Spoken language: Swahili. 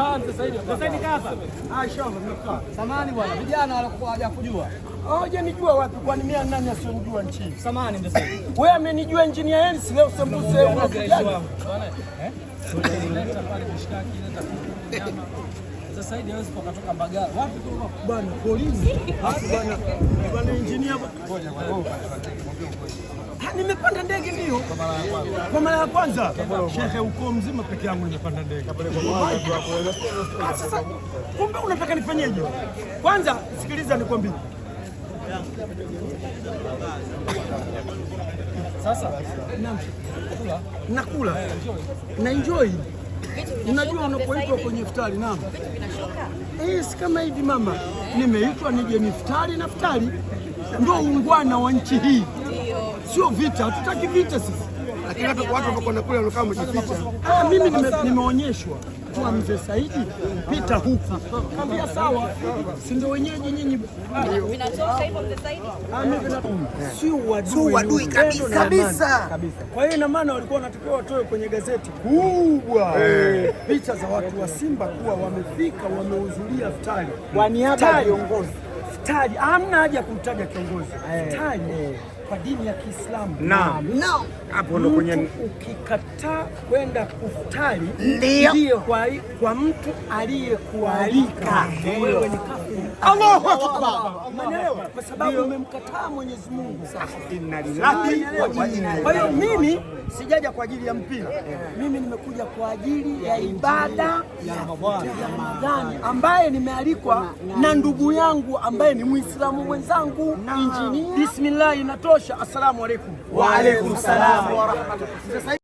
Ah, Samani bwana, vijana walikuwa hajakujua. Hajanijua ah, wapi? Kwani mimi nani asiyonijua nchini? Samani mzee. Wewe amenijua engineer Hersi leo sembuse wewe. Bwana, eh? Sasa hivi hawezi kutoka Mbagala. Wapi bwana polisi? Hapo bwana bwana engineer nimepanda ndege ndio kwa mara ya kwanza shehe, uko mzima peke yangu nimepanda ndege. Ah, sasa kumbe unataka nifanyeje? Kwanza sikiliza nikwambie. Sasa nakula na enjoy unajua unapoitwa kwenye iftari na eh, si kama hivi mama, nimeitwa nije niftari na iftari ndio uungwana wa nchi hii, sio vita. Hatutaki vita sisi, lakini watu wanakwenda kule wanakaa wamejificha. Ah, mimi nimeonyeshwa kwa mzee Saidi, pita huku, kambia sawa, si ndio wenyeji nyinyi? uadui kabisa kabisa. Kwa hiyo ina maana walikuwa wanatakiwa watoe kwenye gazeti kubwa eh, eh. picha za watu wa Simba kuwa wamefika wamehudhuria iftari kwa niaba ya viongozi. Iftari amna haja ya kumtaja kiongozi eh. iftari kwa dini ya Kiislamu. Naam. Hapo ndo kwenye ukikataa kwenda kufutari ndio kwa, kwa mtu aliyekualika wewe ni kafiri. Allahu Akbar. Umeelewa? Kwa sababu umemkataa Mwenyezi Mungu. Sasa inna lillahi wa inna ilaihi. Kwa hiyo mimi sijaja kwa ajili ya mpira. Mimi nimekuja kwa ajili ya ibada ya Ramadhani ambaye nimealikwa na ndugu yangu ambaye ni Muislamu mwenzangu. Injinia. Bismillah inatoa السلام عليكم وعليكم السلام ورحمه الله